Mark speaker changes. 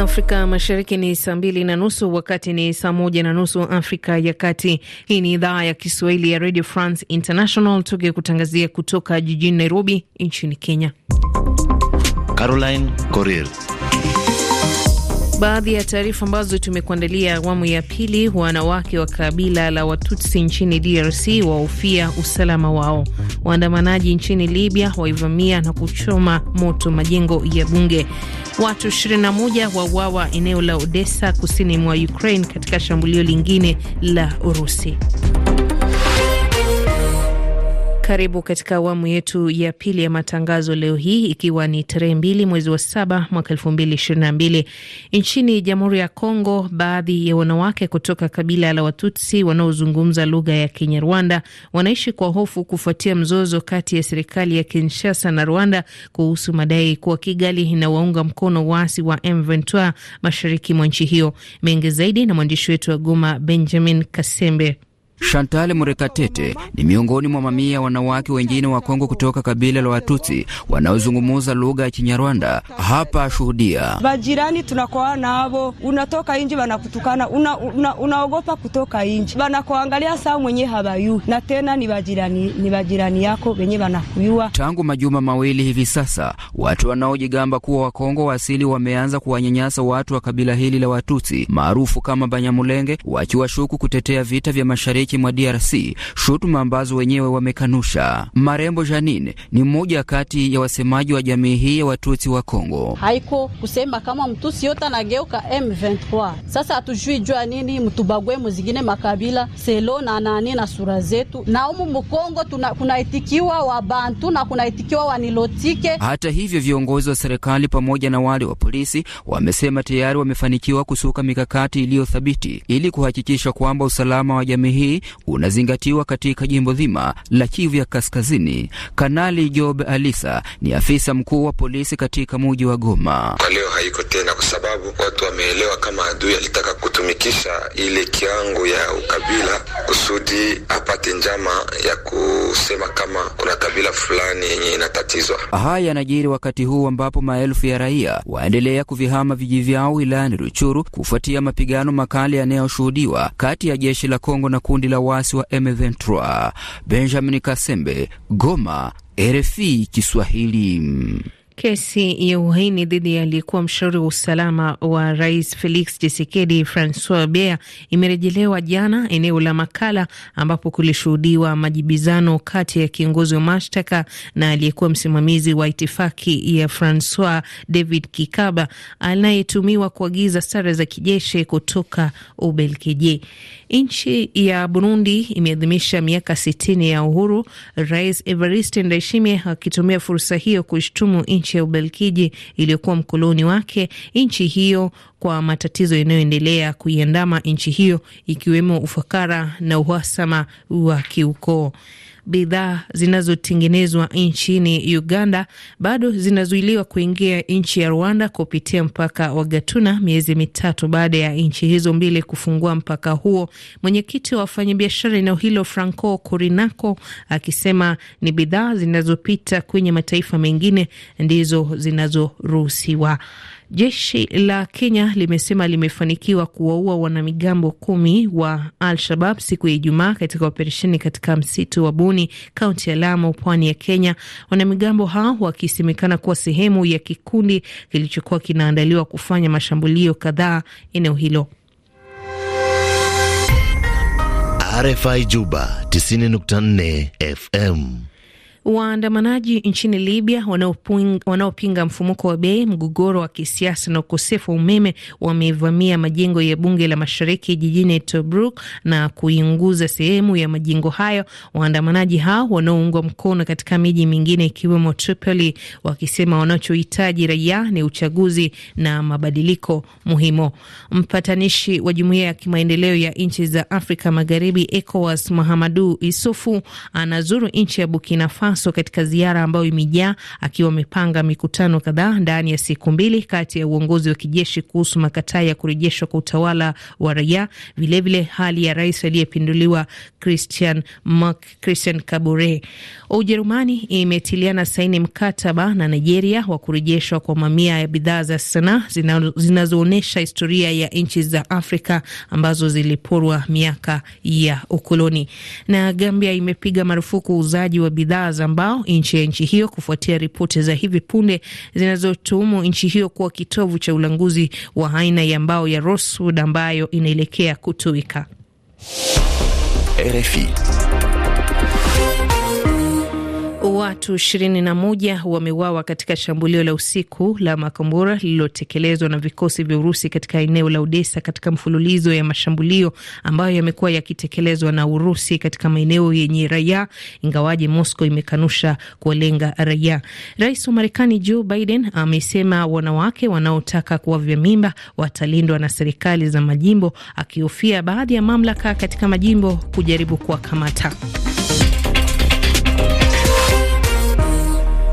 Speaker 1: Afrika Mashariki ni saa mbili na nusu, wakati ni saa moja na nusu Afrika ya Kati. Hii ni idhaa ya Kiswahili ya Radio France International, kutangazia kutoka jijini Nairobi nchini Kenya.
Speaker 2: Caroline Coril
Speaker 1: Baadhi ya taarifa ambazo tumekuandalia awamu ya pili: wanawake wa kabila la Watutsi nchini DRC wahofia usalama wao. Waandamanaji nchini Libya waivamia na kuchoma moto majengo ya bunge. Watu 21 wauawa eneo la Odessa kusini mwa Ukraine katika shambulio lingine la Urusi. Karibu katika awamu yetu ya pili ya matangazo leo hii, ikiwa ni tarehe mbili mwezi wa saba mwaka elfu mbili ishirini na mbili. Nchini Jamhuri ya Kongo, baadhi ya wanawake kutoka kabila la Watutsi wanaozungumza lugha ya Kinyarwanda wanaishi kwa hofu kufuatia mzozo kati ya serikali ya Kinshasa na Rwanda kuhusu madai kuwa Kigali inawaunga mkono waasi wa M23 mashariki mwa nchi hiyo. Mengi zaidi na mwandishi wetu wa Goma, Benjamin Kasembe. Chantal Murekatete
Speaker 2: ni miongoni mwa mamia ya wanawake wengine wa Kongo kutoka kabila la Watutsi wanaozungumuza lugha ya Kinyarwanda. Hapa ashuhudia bajirani, tunakoa navo, unatoka inji wanakutukana, unaogopa una, una kutoka inji, wanakuangalia saa mwenye habayu, na tena ni bajirani, ni bajirani yako wenye wanakuyua. Tangu majuma mawili hivi sasa, watu wanaojigamba kuwa Wakongo wa asili wameanza kuwanyanyasa watu wa kabila hili la Watutsi maarufu kama Banyamulenge, wakiwashuku kutetea vita vya mashariki mashariki mwa DRC, shutuma ambazo wenyewe wamekanusha. Marembo Janine ni mmoja kati ya wasemaji wa jamii hii ya Watutsi wa Kongo.
Speaker 1: haiko kusema kama mtusi yote anageuka M23. Sasa hatujui jua nini mtubagwe muzingine makabila selo na nani na sura zetu na umu mkongo kunaitikiwa bantu na kunaitikiwa wanilotike.
Speaker 2: Hata hivyo viongozi wa serikali pamoja na wale wa polisi wamesema tayari wamefanikiwa kusuka mikakati iliyothabiti ili kuhakikisha kwamba usalama wa jamii hii unazingatiwa katika jimbo zima la Kivu ya Kaskazini. Kanali Job Alisa ni afisa mkuu wa polisi katika muji wa Goma. Kwa leo haiko tena, kwa sababu watu wameelewa kama adui alitaka kutumikisha ile kiango ya ukabila kusudi apate njama ya ku kusema kama kuna kabila fulani yenye inatatizwa. Haya yanajiri wakati huu ambapo maelfu ya raia waendelea kuvihama vijiji vyao wilayani Ruchuru kufuatia mapigano makali yanayoshuhudiwa kati ya jeshi la Kongo na kundi la waasi wa M23. Benjamin Kasembe, Goma, RFI Kiswahili.
Speaker 1: Kesi ya uhaini dhidi ya aliyekuwa mshauri wa usalama wa rais Felix chisekedi Francois Bea, imerejelewa jana eneo la Makala, ambapo kulishuhudiwa majibizano kati ya kiongozi wa mashtaka na aliyekuwa msimamizi wa itifaki ya Francois David Kikaba, anayetumiwa kuagiza sare za kijeshi kutoka Ubelgiji. Nchi ya Burundi imeadhimisha miaka sitini ya uhuru, Rais Evariste Ndayishimiye akitumia fursa hiyo kushtumu nchi nchi ya Ubelgiji iliyokuwa mkoloni wake nchi hiyo kwa matatizo yanayoendelea kuiandama nchi hiyo ikiwemo ufakara na uhasama wa kiukoo bidhaa zinazotengenezwa nchini Uganda bado zinazuiliwa kuingia nchi ya Rwanda kupitia mpaka wa Gatuna, miezi mitatu baada ya nchi hizo mbili kufungua mpaka huo, mwenyekiti wa wafanyabiashara eneo hilo Franco Kurinako akisema ni bidhaa zinazopita kwenye mataifa mengine ndizo zinazoruhusiwa. Jeshi la Kenya limesema limefanikiwa kuwaua wanamigambo kumi wa Al-Shabab siku ya Ijumaa katika operesheni katika msitu wa buni kaunti ya Lamu, pwani ya Kenya. Wanamigambo hao wakisemekana kuwa sehemu ya kikundi kilichokuwa kinaandaliwa kufanya mashambulio kadhaa eneo hilo.
Speaker 2: RFI Juba 90.4 FM.
Speaker 1: Waandamanaji nchini Libya wanaopinga mfumuko wa bei, mgogoro wa kisiasa na ukosefu wa umeme wamevamia majengo ya bunge la mashariki jijini Tobruk na kuinguza sehemu ya majengo hayo, waandamanaji hao wanaoungwa mkono katika miji mingine ikiwemo Tripoli, wakisema wanachohitaji raia ni uchaguzi na mabadiliko muhimu. Mpatanishi wa jumuiya ya kimaendeleo ya nchi za Afrika Magharibi, ECOWAS, Mahamadu Isufu anazuru nchi ya Burkina Faso Faso katika ziara ambayo imejaa akiwa amepanga mikutano kadhaa ndani ya siku mbili kati ya uongozi wa kijeshi kuhusu makataa ya kurejeshwa kwa utawala wa raia, vilevile hali ya rais aliyepinduliwa Christian, Mark Christian Kabore. Ujerumani imetiliana saini mkataba na Nigeria wa kurejeshwa kwa mamia ya bidhaa za sanaa zinazoonyesha historia ya nchi za Afrika ambazo ziliporwa miaka ya ukoloni. Na Gambia imepiga marufuku uuzaji wa bidhaa za mbao nje ya nchi hiyo kufuatia ripoti za hivi punde zinazotuhumu nchi hiyo kuwa kitovu cha ulanguzi wa aina ya mbao ya Rosewood ambayo inaelekea kutuika RFI Watu 21 wameuawa katika shambulio la usiku la makombora lililotekelezwa na vikosi vya Urusi katika eneo la Odessa katika mfululizo ya mashambulio ambayo yamekuwa yakitekelezwa na Urusi katika maeneo yenye raia, ingawaje Moscow imekanusha kuwalenga raia. Rais wa Marekani Joe Biden amesema wanawake wanaotaka kuwavya mimba watalindwa na serikali za majimbo, akihofia baadhi ya mamlaka katika majimbo kujaribu kuwakamata.